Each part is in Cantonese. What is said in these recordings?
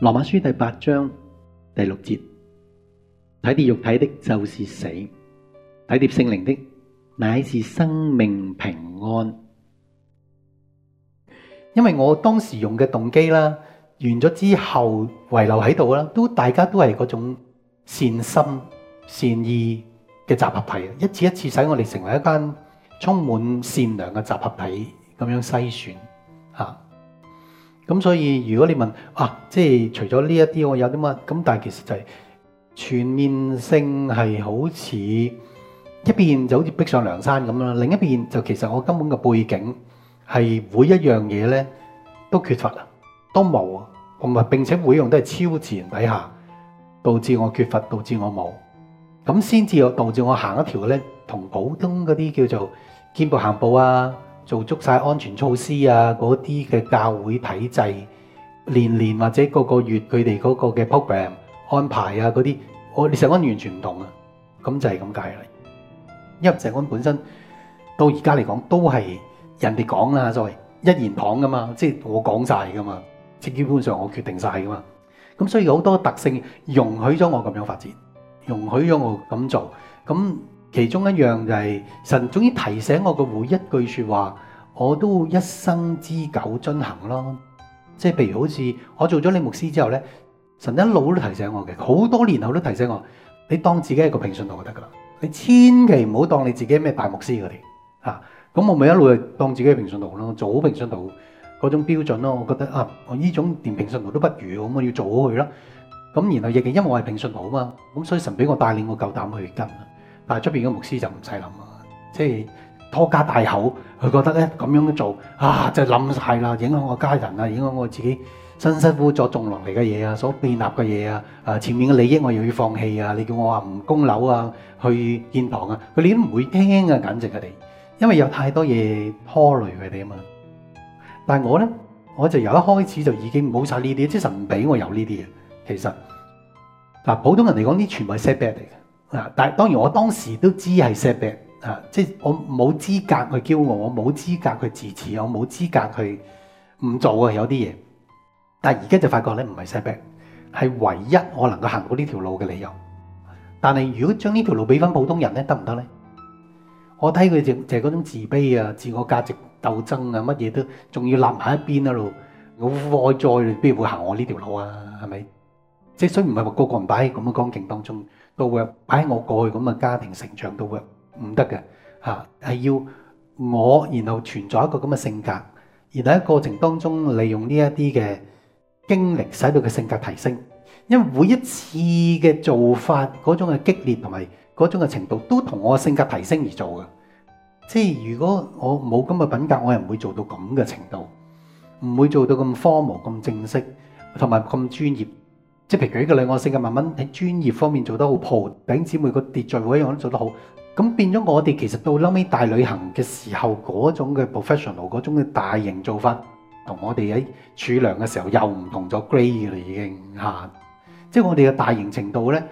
羅馬書第八章第六節，體貼肉體的就是死，體貼聖靈的乃是生命平安。因為我當時用嘅動機啦，完咗之後遺留喺度啦，都大家都係嗰種善心善意嘅集合體，一次一次使我哋成為一間充滿善良嘅集合體，咁樣篩選咁所以如果你問啊，即係除咗呢一啲我有啲乜咁，但係其實就係全面性係好似一邊就好似逼上梁山咁啦，另一邊就其實我根本嘅背景係每一樣嘢咧都缺乏啦，都冇，啊。唔係並且每一樣都係超自然底下導致我缺乏，導致我冇，咁先至又導致我行一條咧同普通嗰啲叫做見步行步啊。做足曬安全措施啊！嗰啲嘅教會體制，年年或者個個月佢哋嗰個嘅 program 安排啊嗰啲，我哋錫安完全唔同啊。咁就係咁解啦。因為錫安本身到而家嚟講都係人哋講啦，所謂一言堂噶嘛，即係我講曬噶嘛，即係基本上我決定曬噶嘛。咁所以好多特性容許咗我咁樣發展，容許咗我咁做咁。其中一樣就係神終於提醒我嘅每一句説話，我都一生之久遵行咯。即係譬如好似我做咗你牧師之後咧，神一路都提醒我嘅，好多年後都提醒我，你當自己係個平信徒就得噶啦，你千祈唔好當你自己咩大牧師嗰啲嚇。咁、啊、我咪一路當自己係平信徒咯，做好平信徒嗰種標準咯。我覺得啊，我呢種連平信徒都不如，咁我要做好佢啦。咁然後亦因為我係平信徒啊嘛，咁所以神俾我帶領我夠膽去跟，但係出邊嘅牧師就唔使諗啊，即係拖家帶口，佢覺得咧，咁樣做啊，就係諗晒啦，影響我家人啊，影響我自己辛辛苦作種落嚟嘅嘢啊，所建立嘅嘢啊，啊前面嘅利益我又要放棄啊，你叫我話唔供樓啊去建堂啊，佢哋都唔會聽啊，簡直佢哋，因為有太多嘢拖累佢哋啊嘛。但係我咧，我就由一開始就已經冇晒呢啲，即係神唔俾我有呢啲嘢。其實嗱、啊，普通人嚟講，啲全部係 set back 嚟嘅。啊！但係當然，我當時都知係 setback 啊，即係我冇資格去驕傲，我冇資格去自持，我冇資格去唔做啊！有啲嘢，但係而家就發覺咧，唔係 setback，係唯一我能夠行到呢條路嘅理由。但係如果將呢條路俾翻普通人咧，得唔得咧？我睇佢就就係嗰種自卑啊、自我價值鬥爭啊、乜嘢都仲要立喺一邊啊！路，我外在邊會行我呢條路啊？係咪？即係雖然唔係話個個人擺喺咁嘅光景當中。都會擺喺我過去咁嘅家庭成長都會唔得嘅嚇，係要我然後存在一個咁嘅性格，然後喺過程當中利用呢一啲嘅經歷，使到佢嘅性格提升。因為每一次嘅做法，嗰種嘅激烈同埋嗰種嘅程度，都同我性格提升而做嘅。即係如果我冇咁嘅品格，我係唔會做到咁嘅程度，唔會做到咁荒謬、咁正式同埋咁專業。即係舉一個例子，性格慢慢喺專業方面做得好，鋪頂姊妹個秩序會一樣都做得好，咁變咗我哋其實到後尾大旅行嘅時候，嗰種嘅 professional 嗰種嘅大型做法，同我哋喺儲糧嘅時候又唔同咗 grade 啦，Gray, 已經吓，即係我哋嘅大型程度咧，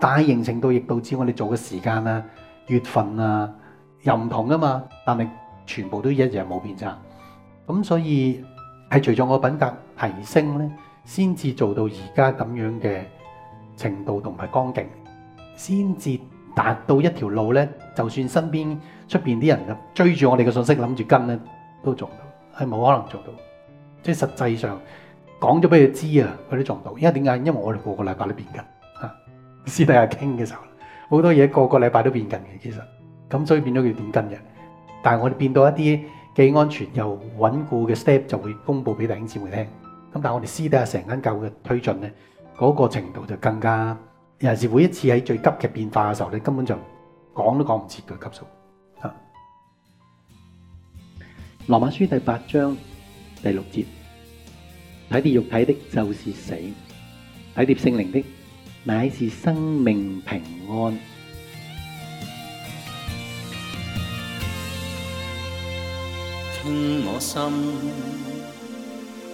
大型程度亦導致我哋做嘅時間啊、月份啊又唔同噶嘛，但係全部都一樣冇變咋，咁所以係除咗我的品格提升咧。先至做到而家咁樣嘅程度同埋光景，先至達到一條路呢。就算身邊出邊啲人追住我哋嘅信息，諗住跟呢都做唔到，係冇可能做到。即係實際上講咗俾佢知啊，佢都做唔到。因為點解？因為我哋個個禮拜都變緊嚇，私底下傾嘅時候，好多嘢個個禮拜都變緊嘅，其實咁所以變咗要點跟嘅。但係我哋變到一啲既安全又穩固嘅 step，就會公佈俾弟兄姐妹聽。咁但係我哋私底下成間教會嘅推進咧，嗰個程度就更加，尤其是每一次喺最急嘅變化嘅時候，你根本就講都講唔切嘅級數。啊，《羅馬書》第八章第六節，睇啲肉體的，就是死；睇啲聖靈的，乃是生命平安。傾我心。